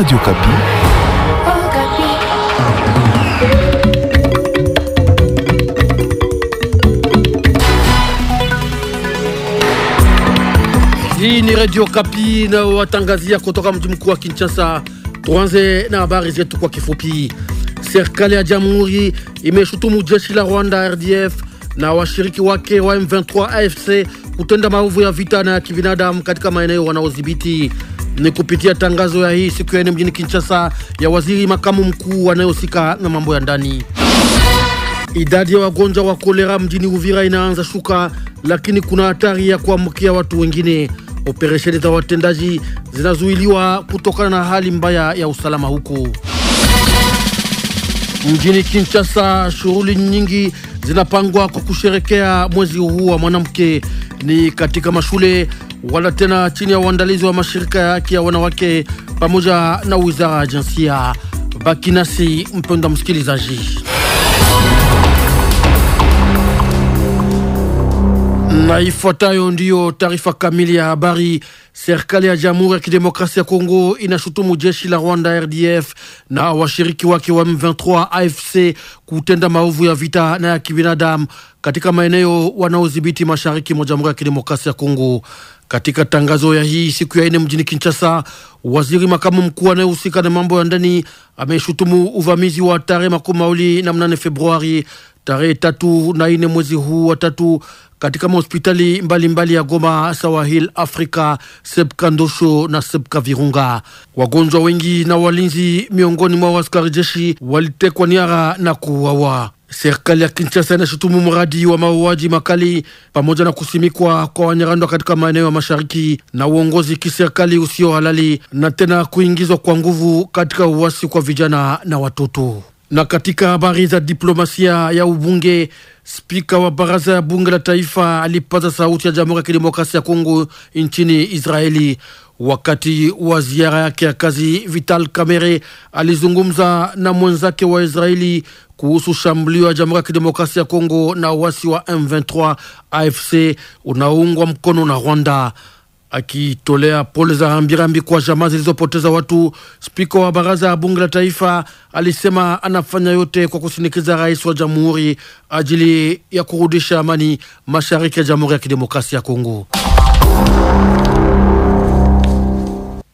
Radio Kapi. Hii ni Radio Kapi na watangazia kutoka mji mkuu wa Kinshasa. Tuanze na habari zetu kwa kifupi. Serikali ya Jamhuri imeshutumu jeshi la Rwanda RDF na washiriki wake wa M23 AFC kutenda maovu ya vita na ya kibinadamu katika maeneo wanaodhibiti. Ni kupitia tangazo ya hii siku ya nne mjini Kinshasa ya waziri makamu mkuu anayehusika na mambo ya ndani. Idadi ya wagonjwa wa kolera mjini Uvira inaanza shuka, lakini kuna hatari ya kuamkia watu wengine. Operesheni za watendaji zinazuiliwa kutokana na hali mbaya ya usalama huko mjini Kinshasa. Shughuli nyingi zinapangwa kwa kusherekea mwezi huu wa mwanamke, ni katika mashule wala tena chini ya uandalizi wa mashirika ya haki ya wanawake pamoja na wizara ya jinsia. Baki nasi mpenda msikilizaji. Na ifuatayo ndiyo taarifa kamili ya habari. Serikali ya Jamhuri ya Kidemokrasia ya Kongo inashutumu jeshi la Rwanda RDF na washiriki wake wa M23 AFC kutenda maovu ya vita na ya kibinadamu katika maeneo wanaodhibiti mashariki mwa Jamhuri ya Kidemokrasia ya Kongo. Katika tangazo ya hii siku ya ine mjini Kinshasa, waziri makamu mkuu anayehusika na mambo ya ndani ameshutumu uvamizi wa tarehe makumi mawili na mnane Februari, tarehe tatu na ine mwezi huu wa tatu katika mahospitali mbalimbali ya Goma, Sawahil Africa, Sepka Ndosho na Sepka Virunga. Wagonjwa wengi na walinzi miongoni mwa waskari jeshi walitekwa niara na kuuawa. Serikali ya Kinshasa inashutumu mradi wa mauaji makali pamoja na kusimikwa kwa Wanyarwanda katika maeneo ya mashariki na uongozi kiserikali usio halali na tena kuingizwa kwa nguvu katika uasi kwa vijana na watoto. Na katika habari za diplomasia ya ubunge, spika wa baraza ya bunge la taifa alipaza sauti ya Jamhuri ya Kidemokrasia ya Kongo nchini Israeli Wakati wa ziara yake ya kazi, Vital Kamerhe alizungumza na mwenzake wa Israeli kuhusu shambulio ya Jamhuri ya Kidemokrasia ya Kongo na uasi wa M23 AFC unaoungwa mkono na Rwanda. Akitolea pole za rambirambi kwa jamaa zilizopoteza watu, spika wa baraza ya bunge la taifa alisema anafanya yote kwa kusindikiza rais wa jamhuri ajili ya kurudisha amani mashariki ya Jamhuri ya Kidemokrasia ya Kongo.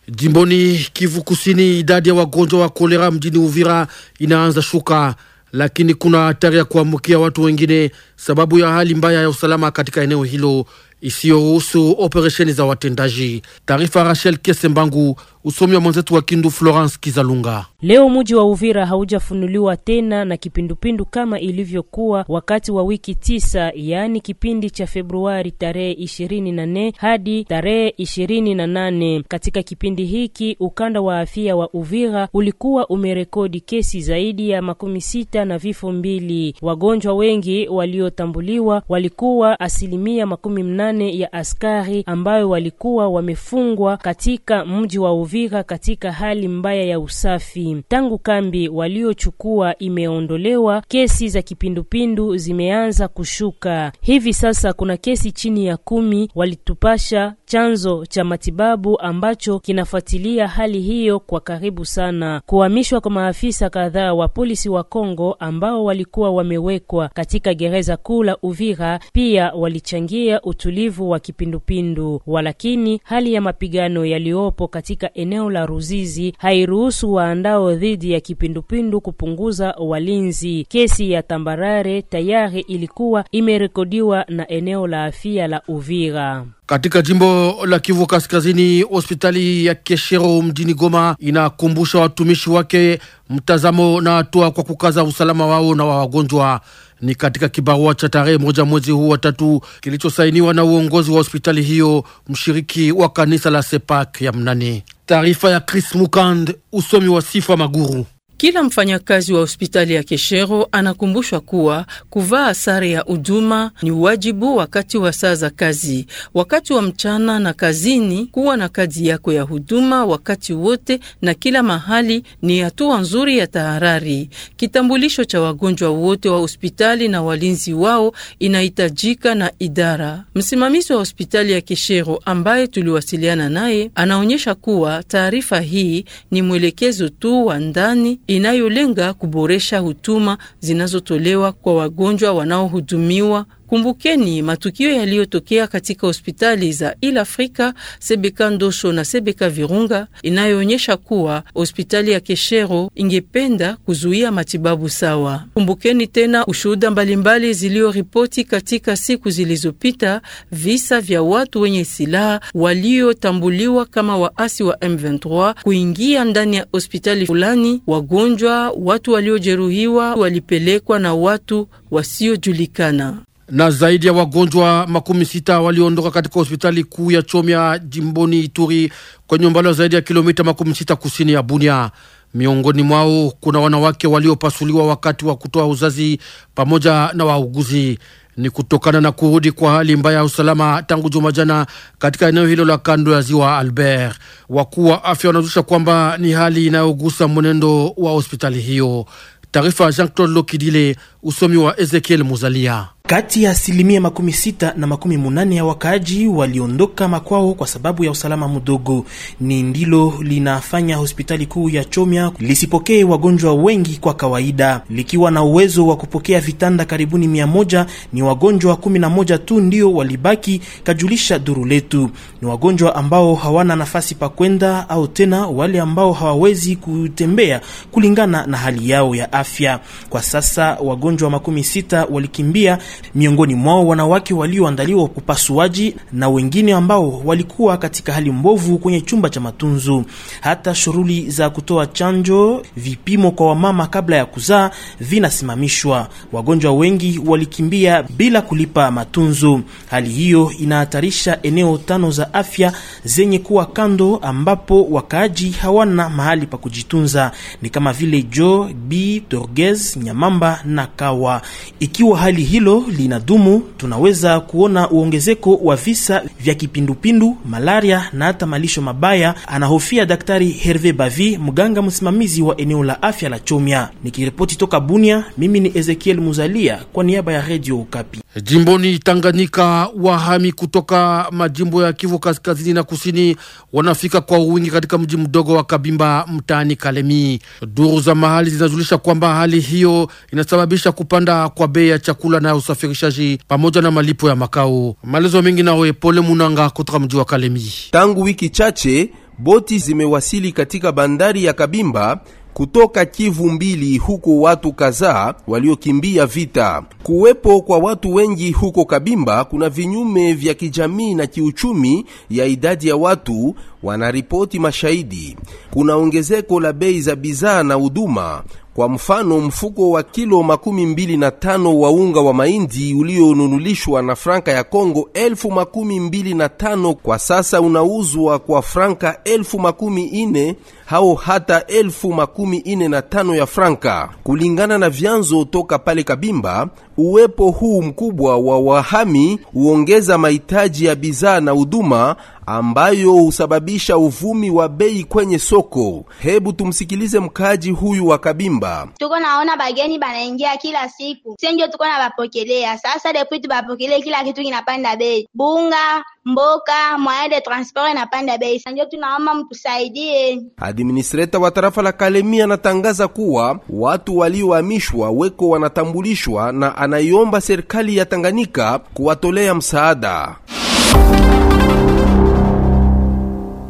Jimboni Kivu Kusini, idadi ya wagonjwa wa kolera mjini Uvira inaanza shuka, lakini kuna hatari ya kuamukia watu wengine sababu ya hali mbaya ya usalama katika eneo hilo, isiyohusu operesheni za watendaji. Taarifa Rachel Kesembangu, usomi wa mwenzetu wa Kindu Florence Kizalunga. Leo muji wa Uvira haujafunuliwa tena na kipindupindu kama ilivyokuwa wakati wa wiki tisa, yaani kipindi cha Februari tarehe ishirini na nne hadi tarehe ishirini na nane. Katika kipindi hiki ukanda wa afya wa Uvira ulikuwa umerekodi kesi zaidi ya makumi sita na vifo mbili. Wagonjwa wengi waliotambuliwa walikuwa asilimia makumi mnane nane ya askari ambayo walikuwa wamefungwa katika mji wa Uvira katika hali mbaya ya usafi. Tangu kambi waliochukua imeondolewa, kesi za kipindupindu zimeanza kushuka. Hivi sasa kuna kesi chini ya kumi, walitupasha chanzo cha matibabu ambacho kinafuatilia hali hiyo kwa karibu sana. Kuhamishwa kwa maafisa kadhaa wa polisi wa Kongo ambao walikuwa wamewekwa katika gereza kuu la Uvira pia walichangia utulivu utulivu wa kipindupindu. Walakini hali ya mapigano yaliyopo katika eneo la Ruzizi hairuhusu waandao dhidi ya kipindupindu kupunguza walinzi. Kesi ya Tambarare tayari ilikuwa imerekodiwa na eneo la afya la Uvira. Katika jimbo la Kivu Kaskazini, hospitali ya Keshero mjini Goma inakumbusha watumishi wake mtazamo na hatua kwa kukaza usalama wao na wa wagonjwa. Ni katika kibarua cha tarehe moja mwezi huu wa tatu kilichosainiwa na uongozi wa hospitali hiyo mshiriki wa kanisa la Sepak ya Mnani. Taarifa ya Chris Mukand, usomi wa Sifa Maguru. Kila mfanyakazi wa hospitali ya Keshero anakumbushwa kuwa kuvaa sare ya huduma ni wajibu wakati wa saa za kazi, wakati wa mchana na kazini. Kuwa na kazi yako ya huduma wakati wote na kila mahali ni hatua nzuri ya tahadhari. Kitambulisho cha wagonjwa wote wa hospitali na walinzi wao inahitajika na idara. Msimamizi wa hospitali ya Keshero ambaye tuliwasiliana naye anaonyesha kuwa taarifa hii ni mwelekezo tu wa ndani inayolenga kuboresha huduma zinazotolewa kwa wagonjwa wanaohudumiwa Kumbukeni matukio yaliyotokea katika hospitali za Il Afrika, Sebeka Ndosho na Sebeka Virunga, inayoonyesha kuwa hospitali ya Keshero ingependa kuzuia matibabu sawa. Kumbukeni tena ushuhuda mbalimbali ziliyoripoti katika siku zilizopita visa vya watu wenye silaha waliotambuliwa kama waasi wa M23 kuingia ndani ya hospitali fulani. Wagonjwa, watu waliojeruhiwa walipelekwa na watu wasiojulikana na zaidi ya wagonjwa makumi sita waliondoka katika hospitali kuu ya Chomia jimboni Ituri kwenye umbali wa zaidi ya kilomita makumi sita kusini ya Bunia. Miongoni mwao kuna wanawake waliopasuliwa wakati wa kutoa uzazi pamoja na wauguzi. Ni kutokana na kurudi kwa hali mbaya ya usalama tangu juma jana katika eneo hilo la kando ya ziwa Albert. Wakuu wa afya wanazusha kwamba ni hali inayogusa mwenendo wa hospitali hiyo. Taarifa ya Jean Claude Lokidile, usomi wa Ezekiel Muzalia. Kati ya asilimia makumi sita na makumi munane ya wakaaji waliondoka makwao kwa sababu ya usalama mdogo. Ni ndilo linafanya hospitali kuu ya Chomya lisipokee wagonjwa wengi kwa kawaida, likiwa na uwezo wa kupokea vitanda karibuni mia moja. Ni wagonjwa kumi na moja tu ndio walibaki, kajulisha duru letu. Ni wagonjwa ambao hawana nafasi pa kwenda au tena wale ambao hawawezi kutembea kulingana na hali yao ya afya. Kwa sasa wagonjwa makumi sita walikimbia miongoni mwao wanawake walioandaliwa upasuaji na wengine ambao walikuwa katika hali mbovu kwenye chumba cha matunzo. Hata shughuli za kutoa chanjo, vipimo kwa wamama kabla ya kuzaa vinasimamishwa. Wagonjwa wengi walikimbia bila kulipa matunzo. Hali hiyo inahatarisha eneo tano za afya zenye kuwa kando, ambapo wakaaji hawana mahali pa kujitunza, ni kama vile Jo B Torges, Nyamamba na Kawa. Ikiwa hali hilo linadumu, tunaweza kuona uongezeko wa visa vya kipindupindu, malaria na hata malisho mabaya, anahofia Daktari Herve Bavi, mganga msimamizi wa eneo la afya la Chomia. Nikiripoti toka Bunia, mimi ni Ezekiel Muzalia kwa niaba ya Radio Okapi. Jimboni Tanganyika, wahami kutoka majimbo ya Kivu kaskazini na kusini wanafika kwa wingi katika mji mdogo wa Kabimba mtaani Kalemi. Duru za mahali zinajulisha kwamba hali hiyo inasababisha kupanda kwa bei ya chakula na usafiri usafirishaji pamoja na malipo ya makao. Maelezo mengi nawe Pole Munanga kutoka mji wa Kalemi. Tangu wiki chache boti zimewasili katika bandari ya Kabimba kutoka Kivu mbili huko watu kadhaa waliokimbia vita. Kuwepo kwa watu wengi huko Kabimba kuna vinyume vya kijamii na kiuchumi ya idadi ya watu, wanaripoti mashahidi. Kuna ongezeko la bei za bidhaa na huduma. Kwa mfano, mfuko wa kilo makumi mbili na tano wa unga wa mahindi ulionunulishwa na franka ya Kongo elfu makumi mbili na tano kwa sasa unauzwa kwa franka elfu makumi ine hao hata elfu makumi ine na tano ya franka, kulingana na vyanzo toka pale Kabimba. Uwepo huu mkubwa wa wahami huongeza mahitaji ya bidhaa na huduma ambayo husababisha uvumi wa bei kwenye soko. Hebu tumsikilize mkaji huyu wa Kabimba. Tuko naona bageni banaingia kila siku, sio ndio? Tuko na bapokelea sasa, depui tubapokelee, kila kitu kinapanda bei, bunga mboka moyen de transport inapanda bei sanjo, tunaomba mtusaidie. Administrator wa tarafa la Kalemi anatangaza kuwa watu waliohamishwa weko wanatambulishwa na anaiomba serikali ya Tanganyika kuwatolea msaada.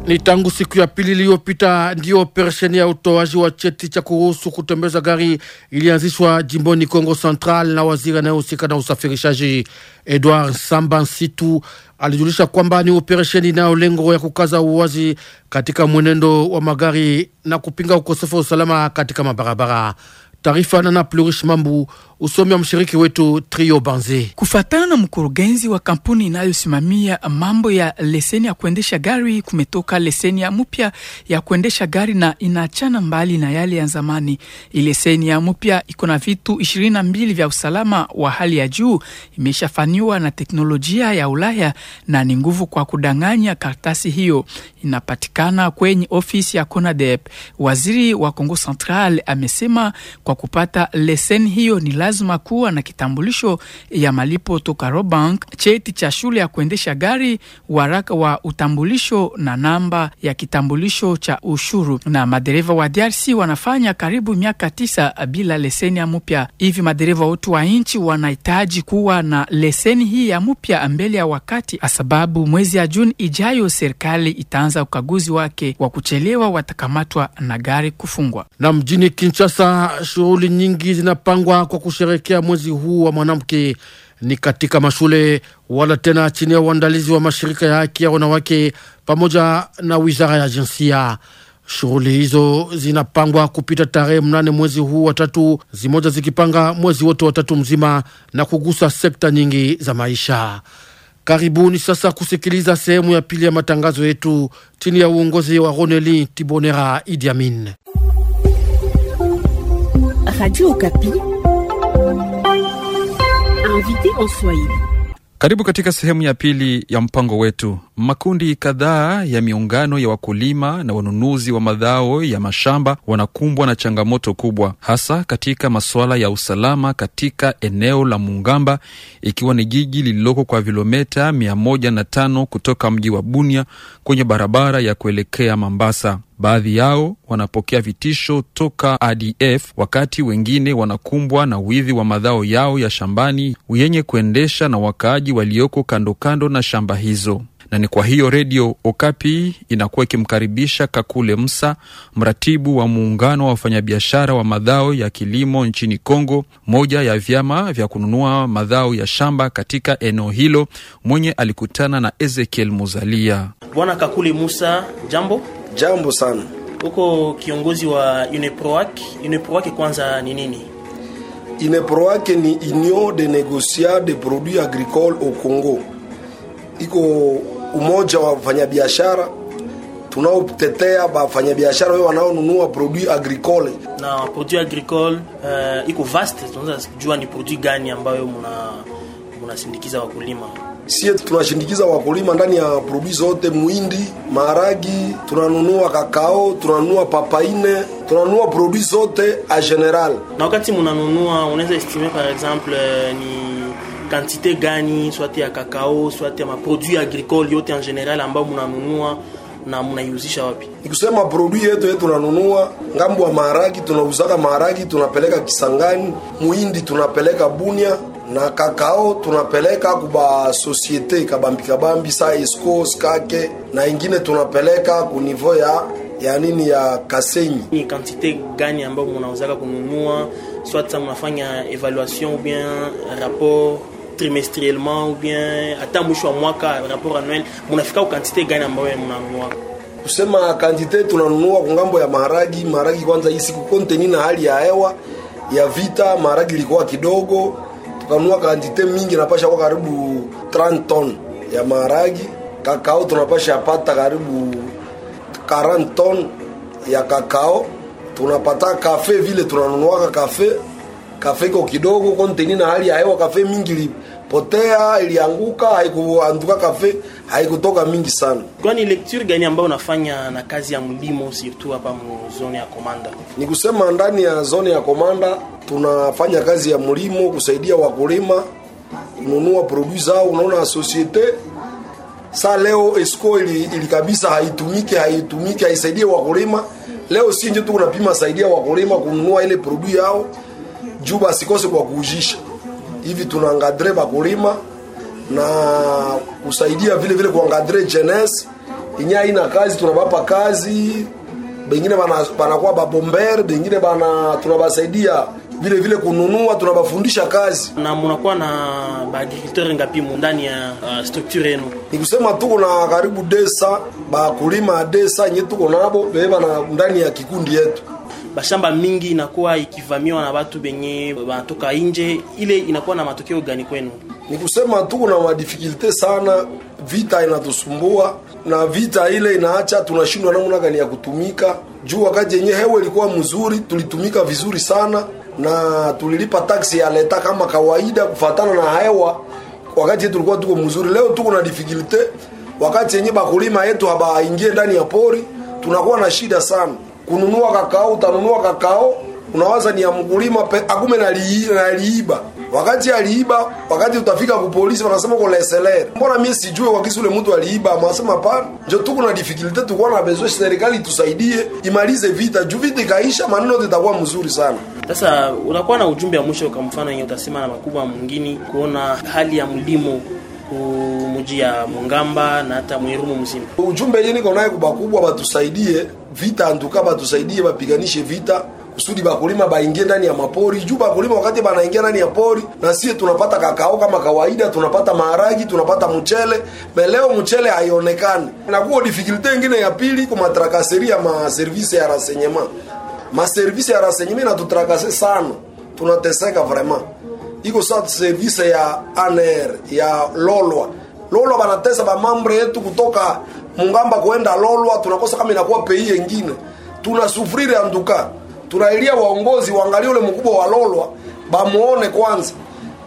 Ni tangu siku ya pili iliyopita ndiyo operesheni ya utoaji wa cheti cha kuruhusu kutembeza gari ilianzishwa jimboni Kongo Central na waziri anayehusika na usafirishaji Edward Samba Nsitu alijulisha kwamba ni operesheni inayo lengo ya kukaza uwazi katika mwenendo wa magari na kupinga ukosefu wa usalama katika mabarabara. Taarifa Nana Plurish Mambu usomi wa mshiriki wetu Trio Banze. Kufatana na mkurugenzi wa kampuni inayosimamia mambo ya leseni ya kuendesha gari, kumetoka leseni ya mpya ya kuendesha gari na inaachana mbali na yale ya zamani. Leseni ya mpya iko na vitu ishirini na mbili vya usalama wa hali ya juu, imeshafaniwa na teknolojia ya Ulaya na ni nguvu kwa kudanganya. Karatasi hiyo inapatikana kwenye ofisi ya CONADEP. Waziri wa Kongo Central amesema kwa kupata leseni hiyo ni lazima kuwa na kitambulisho ya malipo toka Robank, cheti cha shule ya kuendesha gari, waraka wa utambulisho na namba ya kitambulisho cha ushuru. Na madereva wa DRC wanafanya karibu miaka tisa bila leseni ya mupya. Hivi madereva wote wa nchi wanahitaji kuwa na leseni hii ya mupya mbele ya wakati, sababu mwezi ya Juni ijayo serikali itaanza ukaguzi wake. Wa kuchelewa watakamatwa na gari kufungwa. Na mjini Kinshasa shughuli nyingi zinapangwa kwa kusherekea mwezi huu wa mwanamke ni katika mashule wala tena chini ya uandalizi wa mashirika ya haki ya wanawake pamoja na wizara ya jinsia. Shughuli hizo zinapangwa kupita tarehe mnane mwezi huu wa tatu, zimoja zikipanga mwezi wote wa tatu mzima na kugusa sekta nyingi za maisha. Karibuni sasa kusikiliza sehemu ya pili ya matangazo yetu chini ya uongozi wa Roneli Tibonera Idi Amin. Radio Okapi invité en Swahili. Karibu katika sehemu ya pili ya mpango wetu Makundi kadhaa ya miungano ya wakulima na wanunuzi wa madhao ya mashamba wanakumbwa na changamoto kubwa, hasa katika masuala ya usalama katika eneo la Mungamba, ikiwa ni jiji lililoko kwa vilometa mia moja na tano kutoka mji wa Bunia kwenye barabara ya kuelekea Mambasa. Baadhi yao wanapokea vitisho toka ADF wakati wengine wanakumbwa na wizi wa madhao yao ya shambani yenye kuendesha na wakaaji walioko kando kando na shamba hizo na ni kwa hiyo Redio Okapi inakuwa ikimkaribisha Kakule Msa, mratibu wa muungano wa wafanyabiashara wa madhao ya kilimo nchini Kongo, moja ya vyama vya kununua madhao ya shamba katika eneo hilo, mwenye alikutana na Ezekiel Muzalia. Bwana Kakule Musa, jambo. Jambo sana. huko kiongozi wa UNEPROAC. UNEPROAC kwanza ni nini? UNEPROAC ni Union de negociat de Produits Agricoles au Congo, iko umoja wa wafanyabiashara tunaotetea wafanyabiashara wao wanaonunua produit agricole na produit agricole uh, iko vast. Tunaweza kujua ni produit gani ambayo mna mnasindikiza wakulima? Sie tunashindikiza wakulima ndani ya produit zote, muhindi, maragi tunanunua kakao, tunanunua papaine, tunanunua produit zote a general. Na wakati mnanunua, unaweza estimate par exemple eh, ni kantite gani, swati ya kakao, swati ya maproduit agricole yote en général ambayo munanunua na mnaiuzisha wapi? Ni kusema produit yetu yetu tunanunua ngambo ya maharagi, tunauzaka maharagi, tunapeleka Kisangani, muhindi tunapeleka Bunia na kakao tunapeleka kuba societe kabambi kabambi sa esco skake na ingine tunapeleka ku niveau ya ya nini ya Kasenyi. Ni quantité gani ambayo mnauzaka kununua, soit mnafanya evaluation ou bien rapport trimestriellement ou bien hata mwisho wa mwaka rapport annuel munafika kwa quantité gani ambayo mnanunua? Kusema quantité tunanunua kwa ngambo ya maharagi. Maharagi kwanza hii siku konteni na hali ya hewa ya vita, maharagi ilikuwa kidogo, tukanunua quantité mingi, napasha kwa karibu 30 ton ya maharagi. Kakao tunapasha pata karibu 40 ton ya kakao. Tunapata kafe vile tunanunuaka kafe, kafe iko kidogo konteni na hali ya hewa, kafe mingi potea, ilianguka, haikuanduka kafe, haikutoka mingi sana. Kwani lecture gani ambayo unafanya na kazi ya mlimo surtout hapa mu zone ya Komanda? Ni kusema ndani ya zone ya Komanda tunafanya kazi ya mlimo kusaidia wakulima kununua produit zao, unaona societe Sa leo esco ili, ili kabisa haitumiki haitumiki haisaidie wakulima. Leo si nje tu kunapima saidia wakulima kununua ile produit yao, juba sikose kwa kuujisha hivi tunaangadre bakulima na kusaidia vile vile kuangadre jeunesse inya ina kazi, tunabapa kazi, bengine banakuwa babombere, bengine bana tunabasaidia vile vile kununua, tunabafundisha kazi. Na munakuwa na baagriculteur ngapi ndani ya uh, structure yenu? Ni kusema tuko na karibu desa bakulima desa nye tuko nabo beba na ndani ya kikundi yetu bashamba mingi inakuwa ikivamiwa na watu benye wanatoka nje, ile inakuwa na matokeo gani kwenu? Ni kusema tuko na madifikulte sana, vita inatusumbua na vita ile inaacha tunashindwa namna gani ya kutumika juu wakati yenye hewa ilikuwa mzuri, tulitumika vizuri sana na tulilipa taksi ya leta kama kawaida kufatana na hewa, wakati yetu tulikuwa tuko mzuri. Leo tuko na difficulty, wakati yenye bakulima yetu habaingie ndani ya pori, tunakuwa na shida sana kununua kakao, utanunua kakao unawaza ni ya mkulima, akume naliiba. Wakati aliiba, wakati utafika ku polisi, wanasema ko leseler. Mbona mimi sijue kwa kisule mtu aliiba? Wanasema hapana, ndio tuko na difficulty, tuko na besoin, serikali tusaidie imalize vita, juu vita ikaisha, maneno itakuwa mzuri sana. Sasa unakuwa na ujumbe wa mwisho, kwa mfano yenye utasema na makubwa mwingine, kuona hali ya mlimo kumujia Mungamba na hata Mwirumu mzima. Ujumbe yenye niko naye kubakubwa, batusaidie vita antuka batusaidie bapiganishe vita kusudi bakulima baingie ndani ya mapori juu bakulima wakati banaingia ndani ya pori, na sie tunapata kakao kama kawaida, tunapata maharagi, tunapata mchele meleo, mchele haionekani. Na kuo difikilte ingine ya pili kumatrakaseri ya maservisi ya renseignement, maservisi ya renseignement natutrakase sana, tunateseka vraiment. Iko sa service ya aner ya Lolwa Lolwa banatesa bamambre yetu kutoka mungamba kuenda lolwa, tunakosa kama inakuwa pei yengine, tunasufrire anduka, tunailia waongozi waangalie ule mkubwa wa lolwa, bamuone kwanza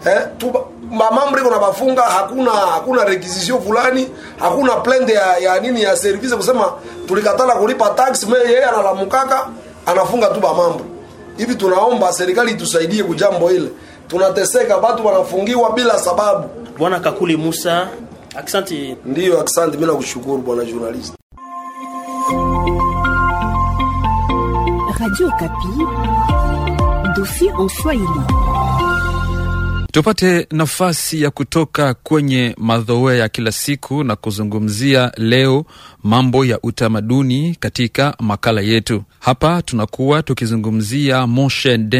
eh, tu mamambriko na bafunga hakuna hakuna requisition fulani, hakuna plan ya, ya nini ya service kusema tulikatala kulipa tax, me yeye analamukaka anafunga tu bamambo hivi. Tunaomba serikali itusaidie kujambo ile, tunateseka, watu wanafungiwa bila sababu. Bwana Kakuli Musa Aksanti. Ndiyo, aksanti. Mimi nakushukuru bwana journalist. Radio Kapi, Dossier en Swahili. Tupate nafasi ya kutoka kwenye madhoea ya kila siku na kuzungumzia leo mambo ya utamaduni katika makala yetu. Hapa tunakuwa tukizungumzia Motion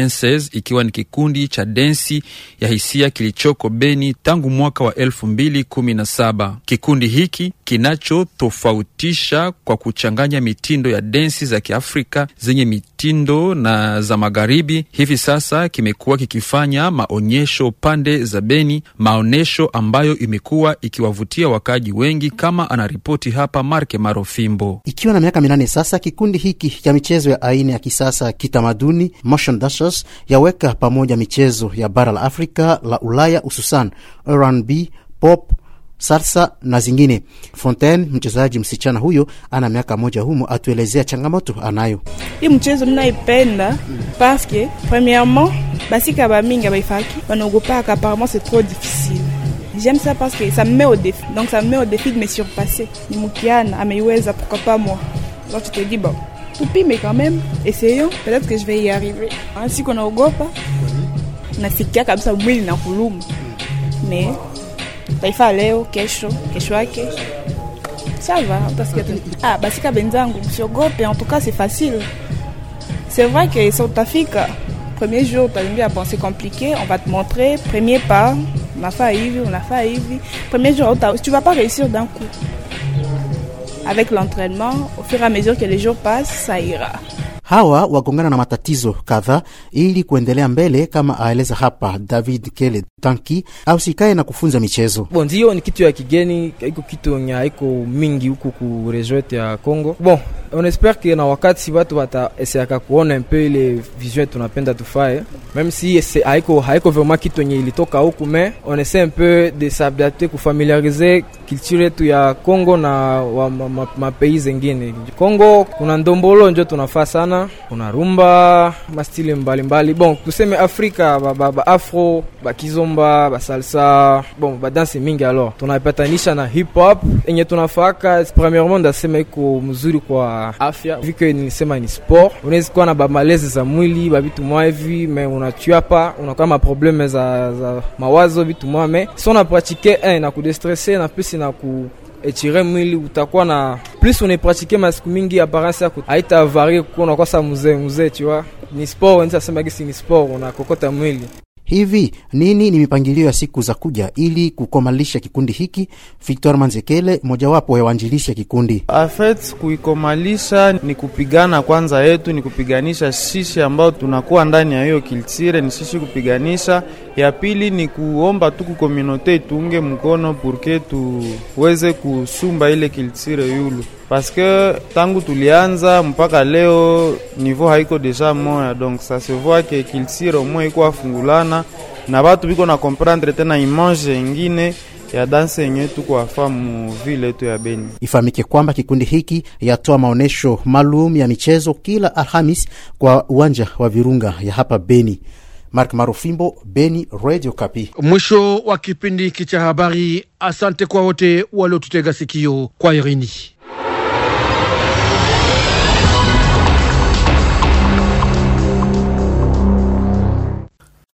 ikiwa ni kikundi cha densi ya hisia kilichoko Beni tangu mwaka wa 217 Kikundi hiki kinachotofautisha kwa kuchanganya mitindo ya densi za Kiafrika zenye mitindo na za magharibi. Hivi sasa kimekuwa kikifanya maonyesho pande za Beni, maonyesho ambayo imekuwa ikiwavutia wakaaji wengi, kama anaripoti hapa Marke Marofimbo. Ikiwa na miaka minane sasa, kikundi hiki cha michezo ya aina ya kisasa kitamaduni Motion Dashers yaweka pamoja michezo ya bara la Afrika la Ulaya, hususan rnb pop salsa na zingine. Fontaine, mchezaji msichana huyo, ana miaka moja humo, atuelezea changamoto anayo. Hii mchezo mnaipenda paske premierement basika bamingi abaifaki banaogopaka apparemment se tro difficile J'aime ça parce que ça me met au défi. Donc ça me met au défi de me surpasser. Ni Ameiweza, pourquoi pas moi Alors tu te dis, bon, mais quand même, essayons, peut-être que je vais y arriver. Ainsi qu'on a ogopa, kabisa mwili na kuluma. Mais Bah, aller au kesho, kesho yake tu ah, basi ka benzangu, msiogope, en tout cas c'est facile. C'est vrai que fille, le premier jour utaambia ah, bon c'est compliqué, on va te montrer, premier pas, on a fait on a fait hivi. Premier jour, tu vas pas réussir d'un coup. Avec l'entraînement, au fur et à mesure que les jours passent, ça ira. hawa wagongana na matatizo kadhaa ili kuendelea mbele, kama aeleza hapa David Kele Tanki ausikae na kufunza michezo bon. Ndio ni kitu ya kigeni, iko kitu nya iko mingi huku ku resort ya congo bon on espère que na wakati watu wataeseaka kuona peu ile vision tunapenda tufae, même si haiko haiko vraiment kitu yenye ilitoka huku, me on essaie un peu de s'adapter kufamiliarize culture yetu ya Congo na wa, ma, ma, mapei zengine. Kongo kuna ndombolo njo tunafaa sana, kuna rumba mastili mbalimbali, bon tuseme Afrika ba, ba, ba afro bakizomba basalsa, bon badansi mingi, alors tunapatanisha na hip hop enye tunafaka. Premièrement ndasema iko mzuri kwa afya, vike nisema ni sport, unaweza kuwa na bamalezi za mwili babitumwa mwa hivi me unatua pa unakuwa maprobleme za, za mawazo bitumwa mwa me so unapratike eh, na kudestresse na plus na ku etire mwili utakuwa na plus unaipratike masiku mingi, aparence yako haitavarie kuko unakwasa mzee mzee, tu ni sport, nisasema gisi ni sport, unakokota mwili Hivi nini ni mipangilio ya siku za kuja ili kukomalisha kikundi hiki? Victor Manzekele, mojawapo ya waanjilishi ya kikundi afet. Kuikomalisha ni kupigana kwanza, yetu ni kupiganisha sisi ambao tunakuwa ndani ya hiyo kiltire, ni sisi kupiganisha. Ya pili ni kuomba tu kukominote tuunge mkono purke tuweze kusumba ile kiltire yulu paske tangu tulianza mpaka leo niveau haiko deja moya, donc ça se voit que culture au moins iko afungulana na batu biko na comprendre tena image ingine ya danse yenyewe tuko afa mu vile yetu ya Beni. Ifahamike kwamba kikundi hiki yatoa maonesho maalum ya michezo kila Alhamis kwa uwanja wa Virunga ya hapa Beni. Mark Marufimbo, Beni, Radio Kapi. Mwisho wa kipindi hiki cha habari. Asante kwa wote waliotutega sikio kwa Irini.